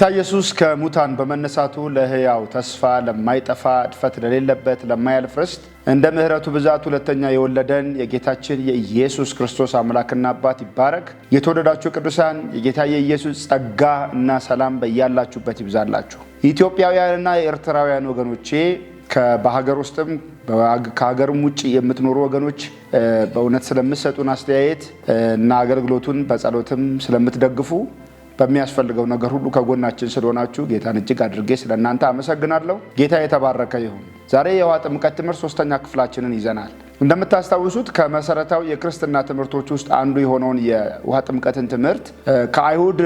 ጌታ ኢየሱስ ከሙታን በመነሳቱ ለህያው ተስፋ ለማይጠፋ እድፈት ለሌለበት ለማያልፍ ርስት እንደ ምሕረቱ ብዛት ሁለተኛ የወለደን የጌታችን የኢየሱስ ክርስቶስ አምላክና አባት ይባረክ። የተወደዳችሁ ቅዱሳን የጌታ የኢየሱስ ጸጋ እና ሰላም በያላችሁበት ይብዛላችሁ። ኢትዮጵያውያንና የኤርትራውያን ወገኖቼ በሀገር ውስጥም ከሀገርም ውጭ የምትኖሩ ወገኖች በእውነት ስለምትሰጡን አስተያየት እና አገልግሎቱን በጸሎትም ስለምትደግፉ በሚያስፈልገው ነገር ሁሉ ከጎናችን ስለሆናችሁ ጌታን እጅግ አድርጌ ስለ እናንተ አመሰግናለሁ። ጌታ የተባረከ ይሁን። ዛሬ የውሃ ጥምቀት ትምህርት ሶስተኛ ክፍላችንን ይዘናል። እንደምታስታውሱት ከመሰረታዊ የክርስትና ትምህርቶች ውስጥ አንዱ የሆነውን የውሃ ጥምቀትን ትምህርት ከአይሁድ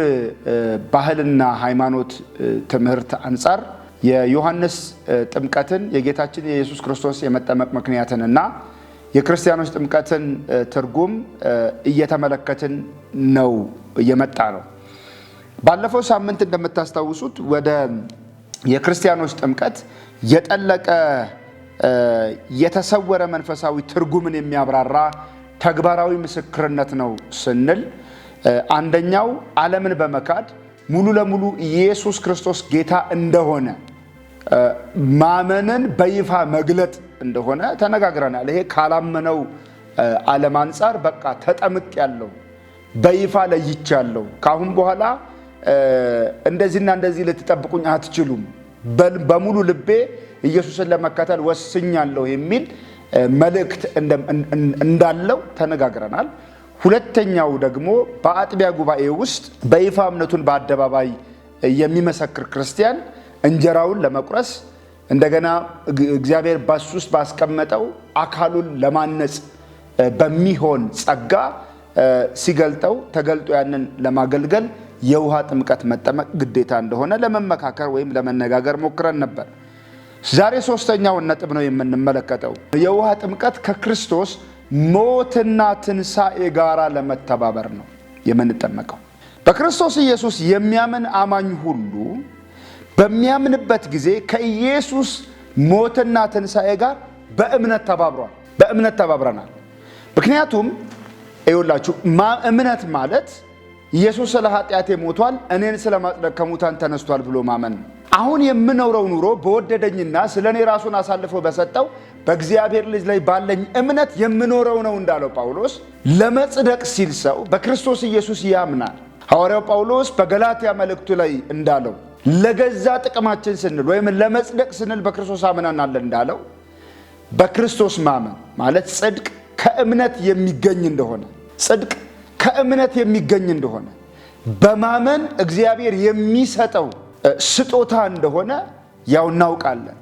ባህልና ሃይማኖት ትምህርት አንጻር የዮሐንስ ጥምቀትን የጌታችን የኢየሱስ ክርስቶስ የመጠመቅ ምክንያትን እና የክርስቲያኖች ጥምቀትን ትርጉም እየተመለከትን ነው እየመጣ ነው። ባለፈው ሳምንት እንደምታስታውሱት ወደ የክርስቲያኖች ጥምቀት የጠለቀ የተሰወረ መንፈሳዊ ትርጉምን የሚያብራራ ተግባራዊ ምስክርነት ነው ስንል አንደኛው ዓለምን በመካድ ሙሉ ለሙሉ ኢየሱስ ክርስቶስ ጌታ እንደሆነ ማመንን በይፋ መግለጥ እንደሆነ ተነጋግረናል። ይሄ ካላመነው ዓለም አንጻር በቃ ተጠምቅ ያለው በይፋ ለይቻለው ካሁን በኋላ እንደዚህና እንደዚህ ልትጠብቁኝ አትችሉም፣ በሙሉ ልቤ ኢየሱስን ለመከተል ወስኛለሁ የሚል መልእክት እንዳለው ተነጋግረናል። ሁለተኛው ደግሞ በአጥቢያ ጉባኤ ውስጥ በይፋ እምነቱን በአደባባይ የሚመሰክር ክርስቲያን እንጀራውን ለመቁረስ እንደገና እግዚአብሔር በሱ ውስጥ ባስቀመጠው አካሉን ለማነጽ በሚሆን ጸጋ ሲገልጠው ተገልጦ ያንን ለማገልገል የውሃ ጥምቀት መጠመቅ ግዴታ እንደሆነ ለመመካከር ወይም ለመነጋገር ሞክረን ነበር። ዛሬ ሶስተኛውን ነጥብ ነው የምንመለከተው። የውሃ ጥምቀት ከክርስቶስ ሞትና ትንሣኤ ጋር ለመተባበር ነው የምንጠመቀው። በክርስቶስ ኢየሱስ የሚያምን አማኝ ሁሉ በሚያምንበት ጊዜ ከኢየሱስ ሞትና ትንሣኤ ጋር በእምነት ተባብሯል፣ በእምነት ተባብረናል። ምክንያቱም ይኸውላችሁ እምነት ማለት ኢየሱስ ስለ ኃጢአቴ ሞቷል፣ እኔን ስለ ማጽደቅ ከሙታን ተነስቷል ብሎ ማመን ነው። አሁን የምኖረው ኑሮ በወደደኝና ስለ እኔ ራሱን አሳልፎ በሰጠው በእግዚአብሔር ልጅ ላይ ባለኝ እምነት የምኖረው ነው እንዳለው ጳውሎስ፣ ለመጽደቅ ሲል ሰው በክርስቶስ ኢየሱስ ያምናል። ሐዋርያው ጳውሎስ በገላትያ መልእክቱ ላይ እንዳለው ለገዛ ጥቅማችን ስንል ወይም ለመጽደቅ ስንል በክርስቶስ አምናናለን እንዳለው በክርስቶስ ማመን ማለት ጽድቅ ከእምነት የሚገኝ እንደሆነ ጽድቅ ከእምነት የሚገኝ እንደሆነ በማመን እግዚአብሔር የሚሰጠው ስጦታ እንደሆነ ያው እናውቃለን።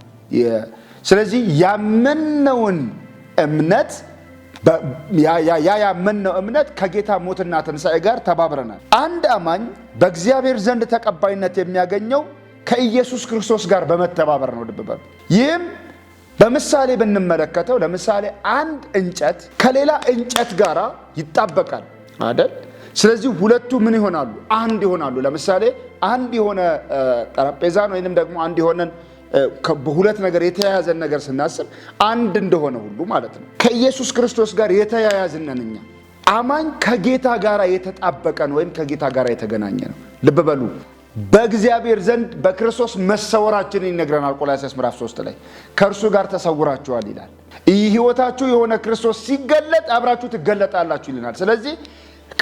ስለዚህ ያመነውን እምነት ያ ያመነው እምነት ከጌታ ሞትና ትንሣኤ ጋር ተባብረናል። አንድ አማኝ በእግዚአብሔር ዘንድ ተቀባይነት የሚያገኘው ከኢየሱስ ክርስቶስ ጋር በመተባበር ነው። ልብ በሉ። ይህም በምሳሌ ብንመለከተው፣ ለምሳሌ አንድ እንጨት ከሌላ እንጨት ጋር ይጣበቃል። አይደል? ስለዚህ ሁለቱ ምን ይሆናሉ? አንድ ይሆናሉ። ለምሳሌ አንድ የሆነ ጠረጴዛን ወይንም ደግሞ አንድ የሆነን በሁለት ነገር የተያያዘን ነገር ስናስብ አንድ እንደሆነ ሁሉ ማለት ነው። ከኢየሱስ ክርስቶስ ጋር የተያያዝነን እኛ አማኝ ከጌታ ጋር የተጣበቀን ወይም ከጌታ ጋር የተገናኘ ነው። ልብ በሉ በእግዚአብሔር ዘንድ በክርስቶስ መሰወራችንን ይነግረናል። ቆላሲያስ ምዕራፍ 3 ላይ ከእርሱ ጋር ተሰውራችኋል ይላል። ይህ ህይወታችሁ የሆነ ክርስቶስ ሲገለጥ አብራችሁ ትገለጣላችሁ ይልናል። ስለዚህ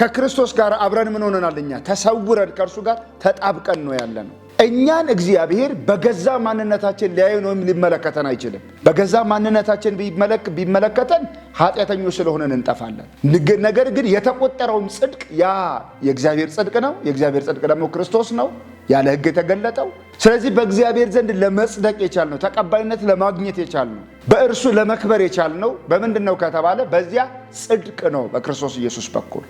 ከክርስቶስ ጋር አብረን ምን ሆነናል? እኛ ተሰውረን ከእርሱ ጋር ተጣብቀን ነው ያለ ነው። እኛን እግዚአብሔር በገዛ ማንነታችን ሊያየን ወይም ሊመለከተን አይችልም። በገዛ ማንነታችን ቢመለከተን ኃጢአተኞች ስለሆነን እንጠፋለን። ነገር ግን የተቆጠረውም ጽድቅ ያ የእግዚአብሔር ጽድቅ ነው። የእግዚአብሔር ጽድቅ ደግሞ ክርስቶስ ነው ያለ ሕግ የተገለጠው። ስለዚህ በእግዚአብሔር ዘንድ ለመጽደቅ የቻልነው ተቀባይነት ለማግኘት የቻልነው በእርሱ ለመክበር የቻልነው በምንድን ነው ከተባለ በዚያ ጽድቅ ነው በክርስቶስ ኢየሱስ በኩል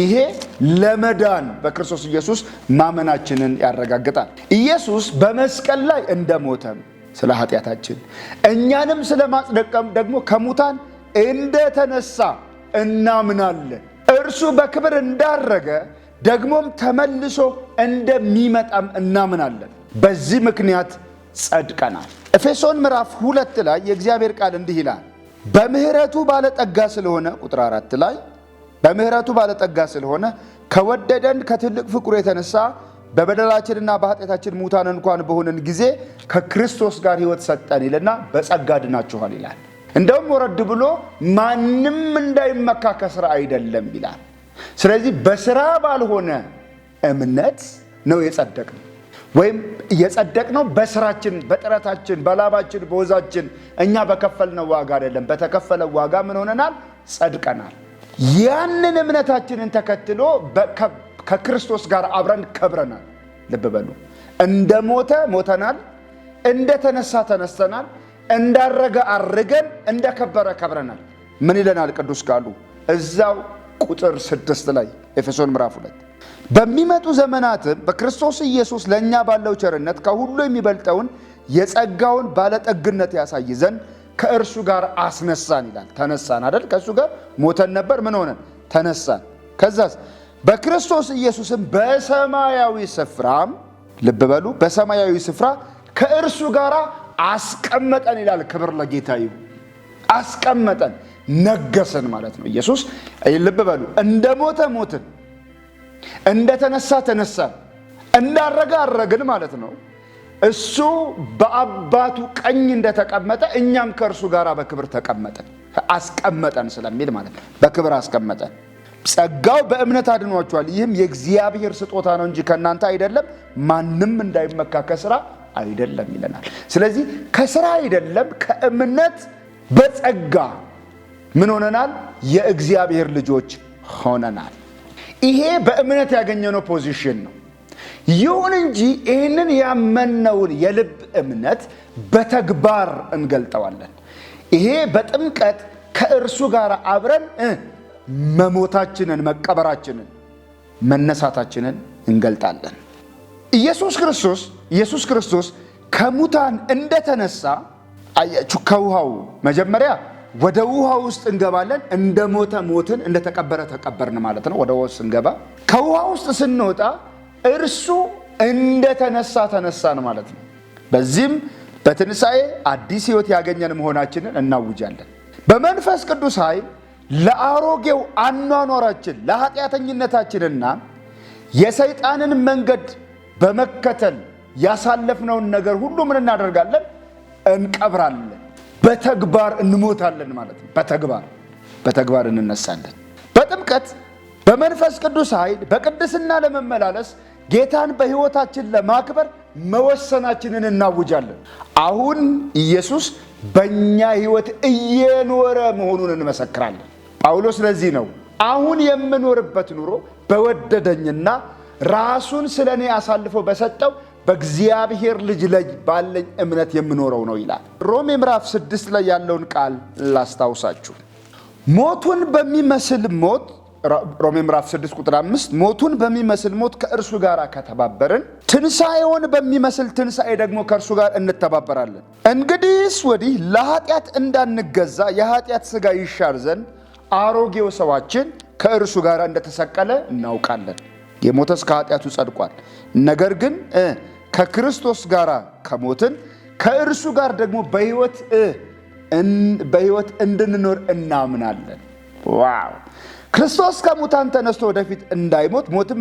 ይሄ ለመዳን በክርስቶስ ኢየሱስ ማመናችንን ያረጋግጣል። ኢየሱስ በመስቀል ላይ እንደሞተም ስለ ኃጢአታችን እኛንም ስለ ማጽደቀም ደግሞ ከሙታን እንደተነሳ እናምናለን። እርሱ በክብር እንዳረገ ደግሞም ተመልሶ እንደሚመጣም እናምናለን። በዚህ ምክንያት ጸድቀናል። ኤፌሶን ምዕራፍ ሁለት ላይ የእግዚአብሔር ቃል እንዲህ ይላል፣ በምሕረቱ ባለጠጋ ስለሆነ ቁጥር አራት ላይ በምህረቱ ባለጠጋ ስለሆነ ከወደደን ከትልቅ ፍቅሩ የተነሳ በበደላችንና በኃጢአታችን ሙታን እንኳን በሆነን ጊዜ ከክርስቶስ ጋር ህይወት ሰጠን ይልና በጸጋ ድናችኋል ይላል። እንደውም ወረድ ብሎ ማንም እንዳይመካ ከስራ አይደለም ይላል። ስለዚህ በስራ ባልሆነ እምነት ነው የጸደቅነው ወይም የጸደቅነው በስራችን፣ በጥረታችን፣ በላባችን፣ በወዛችን እኛ በከፈልነው ዋጋ አይደለም። በተከፈለው ዋጋ ምን ሆነናል? ጸድቀናል። ያንን እምነታችንን ተከትሎ ከክርስቶስ ጋር አብረን ከብረናል። ልብ በሉ። እንደ ሞተ ሞተናል፣ እንደ ተነሳ ተነስተናል፣ እንዳረገ አርገን፣ እንደ ከበረ ከብረናል። ምን ይለናል ቅዱስ ቃሉ እዛው ቁጥር ስድስት ላይ ኤፌሶን ምዕራፍ ሁለት በሚመጡ ዘመናትም በክርስቶስ ኢየሱስ ለእኛ ባለው ቸርነት ከሁሉ የሚበልጠውን የጸጋውን ባለጠግነት ያሳይ ዘንድ ከእርሱ ጋር አስነሳን ይላል። ተነሳን አደል? ከእሱ ጋር ሞተን ነበር። ምን ሆነን? ተነሳን። ከዛስ በክርስቶስ ኢየሱስም በሰማያዊ ስፍራ ልብ በሉ፣ በሰማያዊ ስፍራ ከእርሱ ጋር አስቀመጠን ይላል። ክብር ለጌታ ይሁን። አስቀመጠን፣ ነገሰን ማለት ነው። ኢየሱስ ልብ በሉ፣ እንደ ሞተ ሞትን፣ እንደ ተነሳ ተነሳን፣ እንዳረገ አረግን ማለት ነው። እሱ በአባቱ ቀኝ እንደተቀመጠ እኛም ከእርሱ ጋር በክብር ተቀመጠን አስቀመጠን ስለሚል ማለት ነው። በክብር አስቀመጠን። ጸጋው በእምነት አድኗቸዋል። ይህም የእግዚአብሔር ስጦታ ነው እንጂ ከእናንተ አይደለም፣ ማንም እንዳይመካ ከስራ አይደለም ይለናል። ስለዚህ ከስራ አይደለም፣ ከእምነት በጸጋ ምን ሆነናል? የእግዚአብሔር ልጆች ሆነናል። ይሄ በእምነት ያገኘነው ፖዚሽን ነው። ይሁን እንጂ ይህንን ያመነውን የልብ እምነት በተግባር እንገልጠዋለን። ይሄ በጥምቀት ከእርሱ ጋር አብረን መሞታችንን፣ መቀበራችንን፣ መነሳታችንን እንገልጣለን። ኢየሱስ ክርስቶስ ኢየሱስ ክርስቶስ ከሙታን እንደተነሳ አያችሁ። ከውሃው መጀመሪያ ወደ ውሃ ውስጥ እንገባለን። እንደ ሞተ ሞትን፣ እንደተቀበረ ተቀበርን ማለት ነው። ወደ ውሃ ውስጥ እንገባ። ከውሃ ውስጥ ስንወጣ እርሱ እንደተነሳ ተነሳን ማለት ነው። በዚህም በትንሣኤ አዲስ ሕይወት ያገኘን መሆናችንን እናውጃለን። በመንፈስ ቅዱስ ኃይል ለአሮጌው አኗኗራችን ለኃጢአተኝነታችንና የሰይጣንን መንገድ በመከተል ያሳለፍነውን ነገር ሁሉ ምን እናደርጋለን? እንቀብራለን። በተግባር እንሞታለን ማለት ነው። በተግባር በተግባር እንነሳለን። በጥምቀት በመንፈስ ቅዱስ ኃይል በቅድስና ለመመላለስ ጌታን በሕይወታችን ለማክበር መወሰናችንን እናውጃለን። አሁን ኢየሱስ በእኛ ሕይወት እየኖረ መሆኑን እንመሰክራለን። ጳውሎስ ለዚህ ነው አሁን የምኖርበት ኑሮ በወደደኝና ራሱን ስለ እኔ አሳልፎ በሰጠው በእግዚአብሔር ልጅ ላይ ባለኝ እምነት የምኖረው ነው ይላል። ሮሜ ምዕራፍ ስድስት ላይ ያለውን ቃል ላስታውሳችሁ። ሞቱን በሚመስል ሞት ሮሜ ምዕራፍ 6 ቁጥር 5 ሞቱን በሚመስል ሞት ከእርሱ ጋር ከተባበርን ትንሣኤውን በሚመስል ትንሣኤ ደግሞ ከእርሱ ጋር እንተባበራለን። እንግዲህስ ወዲህ ለኃጢአት እንዳንገዛ የኃጢአት ሥጋ ይሻር ዘንድ አሮጌው ሰዋችን ከእርሱ ጋር እንደተሰቀለ እናውቃለን። የሞተስ ከኃጢአቱ ጸድቋል። ነገር ግን ከክርስቶስ ጋር ከሞትን ከእርሱ ጋር ደግሞ በሕይወት እንድንኖር እናምናለን። ዋው! ክርስቶስ ከሙታን ተነስቶ ወደፊት እንዳይሞት ሞትም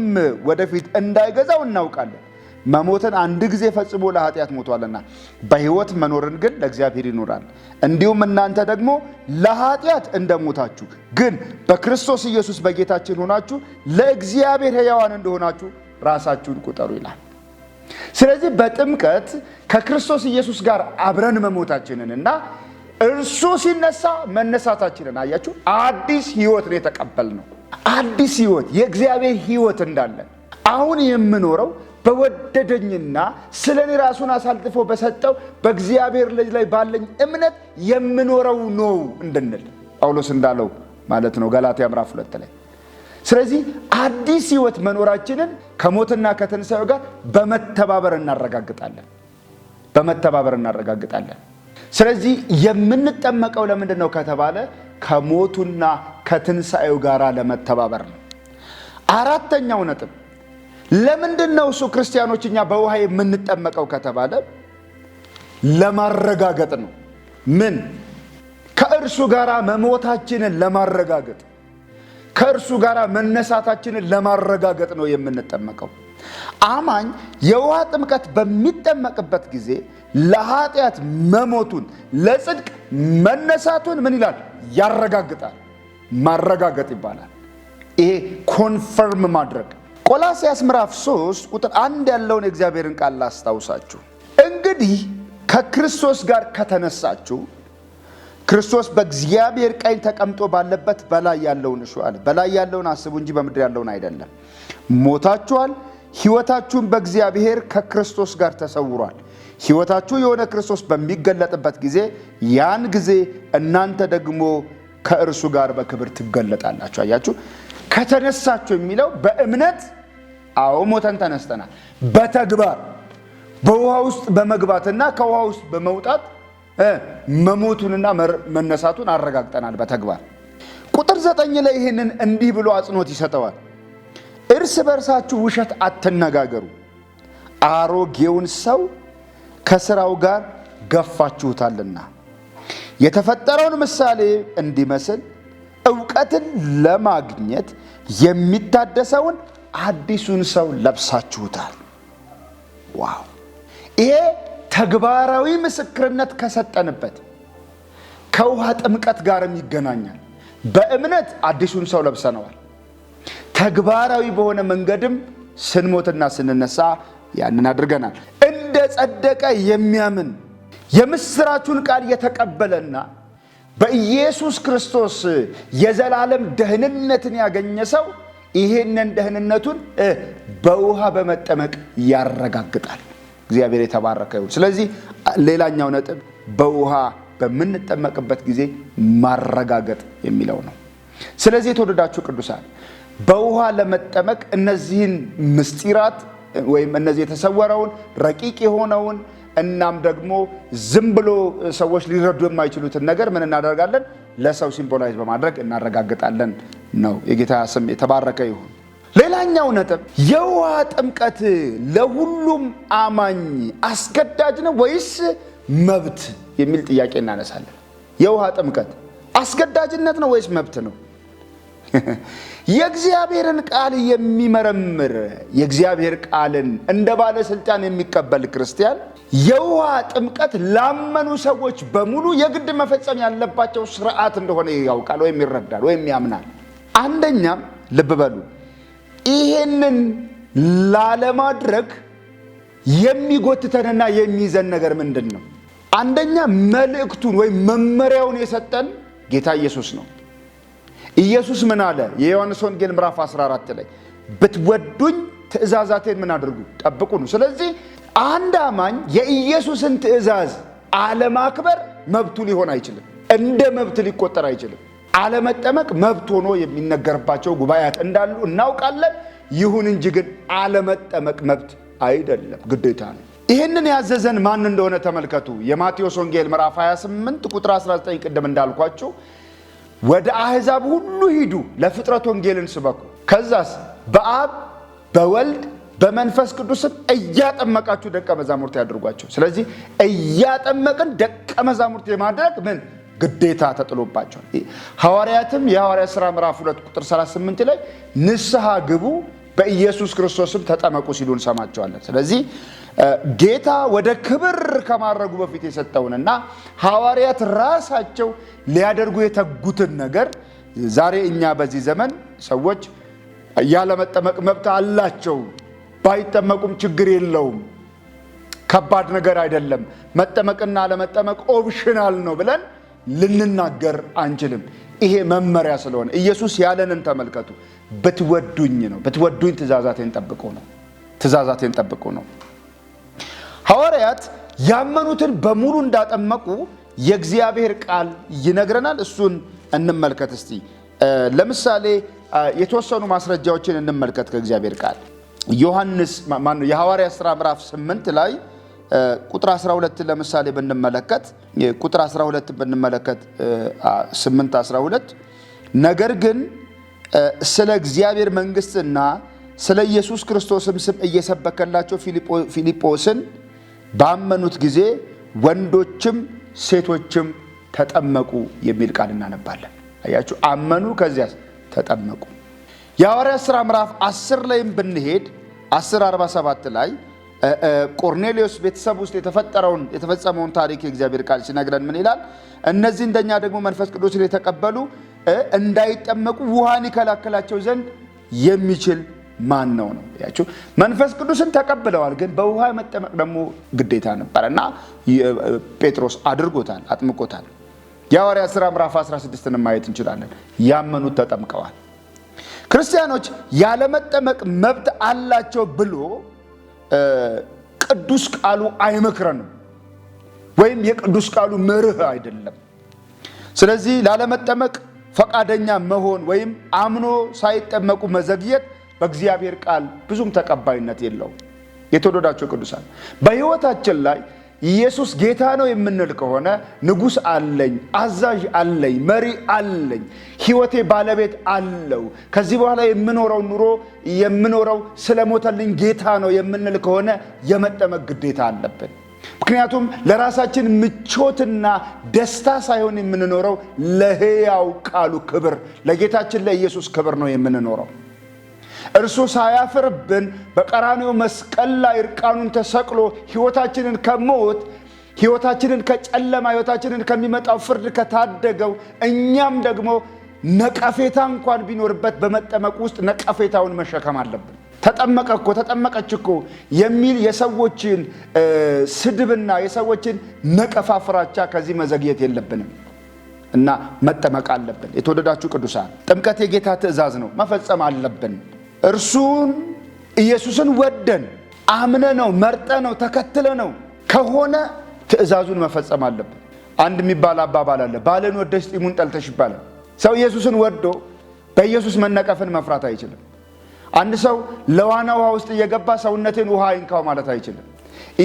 ወደፊት እንዳይገዛው እናውቃለን። መሞትን አንድ ጊዜ ፈጽሞ ለኃጢአት ሞቷልና በሕይወት መኖርን ግን ለእግዚአብሔር ይኖራል። እንዲሁም እናንተ ደግሞ ለኃጢአት እንደሞታችሁ ግን በክርስቶስ ኢየሱስ በጌታችን ሆናችሁ ለእግዚአብሔር ሕያዋን እንደሆናችሁ ራሳችሁን ቁጠሩ ይላል። ስለዚህ በጥምቀት ከክርስቶስ ኢየሱስ ጋር አብረን መሞታችንን እና እርሱ ሲነሳ መነሳታችንን አያችሁ፣ አዲስ ህይወት ነው የተቀበልነው። አዲስ ህይወት የእግዚአብሔር ህይወት እንዳለን አሁን የምኖረው በወደደኝና ስለ እኔ ራሱን አሳልፎ በሰጠው በእግዚአብሔር ልጅ ላይ ባለኝ እምነት የምኖረው ነው እንድንል ጳውሎስ እንዳለው ማለት ነው ገላትያ ምዕራፍ ሁለት ላይ። ስለዚህ አዲስ ህይወት መኖራችንን ከሞትና ከትንሣኤው ጋር በመተባበር እናረጋግጣለን በመተባበር እናረጋግጣለን። ስለዚህ የምንጠመቀው ለምንድን ነው ከተባለ ከሞቱና ከትንሣኤው ጋር ለመተባበር ነው። አራተኛው ነጥብ ለምንድን ነው እሱ ክርስቲያኖች እኛ በውሃ የምንጠመቀው ከተባለ ለማረጋገጥ ነው። ምን ከእርሱ ጋር መሞታችንን ለማረጋገጥ ከእርሱ ጋር መነሳታችንን ለማረጋገጥ ነው የምንጠመቀው። አማኝ የውሃ ጥምቀት በሚጠመቅበት ጊዜ ለኃጢአት መሞቱን ለጽድቅ መነሳቱን ምን ይላል? ያረጋግጣል። ማረጋገጥ ይባላል። ይሄ ኮንፈርም ማድረግ። ቆላስያስ ምዕራፍ 3 ቁጥር አንድ ያለውን የእግዚአብሔርን ቃል ላስታውሳችሁ። እንግዲህ ከክርስቶስ ጋር ከተነሳችሁ ክርስቶስ በእግዚአብሔር ቀኝ ተቀምጦ ባለበት በላይ ያለውን እሹ አለ። በላይ ያለውን አስቡ እንጂ በምድር ያለውን አይደለም። ሞታችኋል፣ ሕይወታችሁም በእግዚአብሔር ከክርስቶስ ጋር ተሰውሯል። ሕይወታችሁ የሆነ ክርስቶስ በሚገለጥበት ጊዜ ያን ጊዜ እናንተ ደግሞ ከእርሱ ጋር በክብር ትገለጣላችሁ። አያችሁ፣ ከተነሳችሁ የሚለው በእምነት አዎ፣ ሞተን ተነስተናል። በተግባር በውሃ ውስጥ በመግባትና ከውሃ ውስጥ በመውጣት መሞቱንና መነሳቱን አረጋግጠናል በተግባር። ቁጥር ዘጠኝ ላይ ይህንን እንዲህ ብሎ አጽንኦት ይሰጠዋል። እርስ በርሳችሁ ውሸት አትነጋገሩ፣ አሮጌውን ሰው ከስራው ጋር ገፋችሁታልና የተፈጠረውን ምሳሌ እንዲመስል እውቀትን ለማግኘት የሚታደሰውን አዲሱን ሰው ለብሳችሁታል። ዋው! ይሄ ተግባራዊ ምስክርነት ከሰጠንበት ከውሃ ጥምቀት ጋርም ይገናኛል። በእምነት አዲሱን ሰው ለብሰነዋል። ተግባራዊ በሆነ መንገድም ስንሞትና ስንነሳ ያንን አድርገናል። ጸደቀ የሚያምን የምስራቹን ቃል የተቀበለና በኢየሱስ ክርስቶስ የዘላለም ደህንነትን ያገኘ ሰው ይሄንን ደህንነቱን በውሃ በመጠመቅ ያረጋግጣል። እግዚአብሔር የተባረከ ይሁን። ስለዚህ ሌላኛው ነጥብ በውሃ በምንጠመቅበት ጊዜ ማረጋገጥ የሚለው ነው። ስለዚህ የተወደዳችሁ ቅዱሳን በውሃ ለመጠመቅ እነዚህን ምስጢራት ወይም እነዚህ የተሰወረውን ረቂቅ የሆነውን እናም ደግሞ ዝም ብሎ ሰዎች ሊረዱ የማይችሉትን ነገር ምን እናደርጋለን? ለሰው ሲምቦላይዝ በማድረግ እናረጋግጣለን ነው። የጌታ ስም የተባረከ ይሁን። ሌላኛው ነጥብ የውሃ ጥምቀት ለሁሉም አማኝ አስገዳጅ ነው ወይስ መብት የሚል ጥያቄ እናነሳለን። የውሃ ጥምቀት አስገዳጅነት ነው ወይስ መብት ነው? የእግዚአብሔርን ቃል የሚመረምር የእግዚአብሔር ቃልን እንደ ባለስልጣን የሚቀበል ክርስቲያን የውሃ ጥምቀት ላመኑ ሰዎች በሙሉ የግድ መፈጸም ያለባቸው ስርዓት እንደሆነ ያውቃል ወይም ይረዳል ወይም ያምናል። አንደኛም ልብ በሉ፣ ይሄንን ላለማድረግ የሚጎትተንና የሚይዘን ነገር ምንድን ነው? አንደኛ መልእክቱን ወይም መመሪያውን የሰጠን ጌታ ኢየሱስ ነው። ኢየሱስ ምን አለ? የዮሐንስ ወንጌል ምዕራፍ 14 ላይ ብትወዱኝ ትእዛዛቴን ምን አድርጉ? ጠብቁ ነው። ስለዚህ አንድ አማኝ የኢየሱስን ትእዛዝ አለማክበር መብቱ ሊሆን አይችልም፣ እንደ መብት ሊቆጠር አይችልም። አለመጠመቅ መብት ሆኖ የሚነገርባቸው ጉባኤያት እንዳሉ እናውቃለን። ይሁን እንጂ ግን አለመጠመቅ መብት አይደለም፣ ግዴታ ነው። ይህንን ያዘዘን ማን እንደሆነ ተመልከቱ። የማቴዎስ ወንጌል ምዕራፍ 28 ቁጥር 19 ቅድም እንዳልኳችሁ ወደ አሕዛብ ሁሉ ሂዱ፣ ለፍጥረት ወንጌልን ስበኩ። ከዛስ በአብ በወልድ በመንፈስ ቅዱስም እያጠመቃችሁ ደቀ መዛሙርት ያድርጓቸው። ስለዚህ እያጠመቅን ደቀ መዛሙርት የማድረግ ምን ግዴታ ተጥሎባቸዋል። ሐዋርያትም የሐዋርያ ሥራ ምዕራፍ 2 ቁጥር 38 ላይ ንስሐ ግቡ በኢየሱስ ክርስቶስም ተጠመቁ ሲሉ እንሰማቸዋለን። ስለዚህ ጌታ ወደ ክብር ከማድረጉ በፊት የሰጠውንና ሐዋርያት ራሳቸው ሊያደርጉ የተጉትን ነገር ዛሬ እኛ በዚህ ዘመን ሰዎች ያለመጠመቅ መብት አላቸው፣ ባይጠመቁም ችግር የለውም፣ ከባድ ነገር አይደለም፣ መጠመቅና አለመጠመቅ ኦፕሽናል ነው ብለን ልንናገር አንችልም። ይሄ መመሪያ ስለሆነ ኢየሱስ ያለንን ተመልከቱ። ብትወዱኝ ነው ብትወዱኝ ትእዛዛቴን ጠብቁ ነው ትእዛዛቴን ጠብቁ ነው ሐዋርያት ያመኑትን በሙሉ እንዳጠመቁ የእግዚአብሔር ቃል ይነግረናል። እሱን እንመልከት እስቲ። ለምሳሌ የተወሰኑ ማስረጃዎችን እንመልከት ከእግዚአብሔር ቃል ዮሐንስ ማነው የሐዋርያት ሥራ ምዕራፍ 8 ላይ ቁጥር 12 ለምሳሌ ብንመለከት ቁጥር 12 ብንመለከት 8 12 ነገር ግን ስለ እግዚአብሔር መንግስትና ስለ ኢየሱስ ክርስቶስም ስም እየሰበከላቸው ፊልጶስን ባመኑት ጊዜ ወንዶችም ሴቶችም ተጠመቁ የሚል ቃል እናነባለን። አያችሁ፣ አመኑ ከዚያ ተጠመቁ። የሐዋርያት ሥራ ምዕራፍ 10 ላይም ብንሄድ 1047 ላይ ቆርኔሌዎስ ቤተሰብ ውስጥ የተፈጠረውን የተፈጸመውን ታሪክ የእግዚአብሔር ቃል ሲነግረን ምን ይላል? እነዚህ እንደኛ ደግሞ መንፈስ ቅዱስን የተቀበሉ እንዳይጠመቁ ውሃን ይከላከላቸው ዘንድ የሚችል ማን ነው ነው ያችሁ። መንፈስ ቅዱስን ተቀብለዋል፣ ግን በውሃ መጠመቅ ደግሞ ግዴታ ነበር እና ጴጥሮስ አድርጎታል፣ አጥምቆታል። የሐዋርያት ሥራ ምዕራፍ 16ን ማየት እንችላለን። ያመኑት ተጠምቀዋል። ክርስቲያኖች ያለመጠመቅ መብት አላቸው ብሎ ቅዱስ ቃሉ አይመክረንም፣ ወይም የቅዱስ ቃሉ መርህ አይደለም። ስለዚህ ላለመጠመቅ ፈቃደኛ መሆን ወይም አምኖ ሳይጠመቁ መዘግየት በእግዚአብሔር ቃል ብዙም ተቀባይነት የለውም። የተወደዳቸው ቅዱሳን በሕይወታችን ላይ ኢየሱስ ጌታ ነው የምንል ከሆነ ንጉሥ አለኝ፣ አዛዥ አለኝ፣ መሪ አለኝ፣ ሕይወቴ ባለቤት አለው፣ ከዚህ በኋላ የምኖረው ኑሮ የምኖረው ስለሞተልኝ ጌታ ነው የምንል ከሆነ የመጠመቅ ግዴታ አለብን። ምክንያቱም ለራሳችን ምቾትና ደስታ ሳይሆን የምንኖረው ለሕያው ቃሉ ክብር፣ ለጌታችን ለኢየሱስ ክብር ነው የምንኖረው። እርሱ ሳያፍርብን በቀራኔው መስቀል ላይ እርቃኑን ተሰቅሎ ሕይወታችንን ከሞት ሕይወታችንን ከጨለማ ሕይወታችንን ከሚመጣው ፍርድ ከታደገው እኛም ደግሞ ነቀፌታ እንኳን ቢኖርበት በመጠመቅ ውስጥ ነቀፌታውን መሸከም አለብን። ተጠመቀ እኮ ተጠመቀች እኮ የሚል የሰዎችን ስድብና የሰዎችን ነቀፋ ፍራቻ ከዚህ መዘግየት የለብንም እና መጠመቅ አለብን። የተወደዳችሁ ቅዱሳን ጥምቀት የጌታ ትእዛዝ ነው፣ መፈጸም አለብን። እርሱን ኢየሱስን ወደን አምነ ነው መርጠ ነው ተከትለ ነው ከሆነ ትእዛዙን መፈጸም አለብን። አንድ የሚባል አባባል አለ፣ ባልን ወደሽ ጢሙን ጠልተሽ ይባላል። ሰው ኢየሱስን ወዶ በኢየሱስ መነቀፍን መፍራት አይችልም። አንድ ሰው ለዋና ውሃ ውስጥ እየገባ ሰውነቴን ውሃ አይንካው ማለት አይችልም።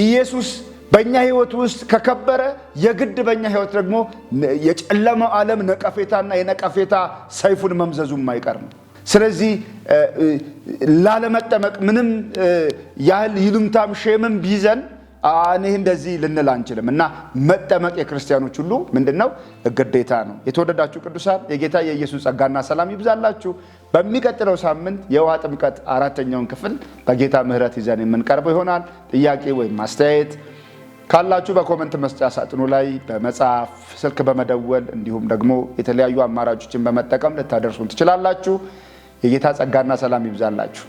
ኢየሱስ በእኛ ህይወት ውስጥ ከከበረ የግድ በእኛ ህይወት ደግሞ የጨለመው ዓለም ነቀፌታና የነቀፌታ ሰይፉን መምዘዙም አይቀር ነው። ስለዚህ ላለመጠመቅ ምንም ያህል ይሉምታም ሼምም ቢዘን እኔ እንደዚህ ልንል አንችልም እና መጠመቅ የክርስቲያኖች ሁሉ ምንድን ነው ግዴታ ነው። የተወደዳችሁ ቅዱሳን የጌታ የኢየሱስ ጸጋና ሰላም ይብዛላችሁ። በሚቀጥለው ሳምንት የውሃ ጥምቀት አራተኛውን ክፍል በጌታ ምሕረት ይዘን የምንቀርበው ይሆናል። ጥያቄ ወይም አስተያየት ካላችሁ በኮመንት መስጫ ሳጥኑ ላይ በመጻፍ ስልክ በመደወል እንዲሁም ደግሞ የተለያዩ አማራጮችን በመጠቀም ልታደርሱን ትችላላችሁ። የጌታ ጸጋና ሰላም ይብዛላችሁ።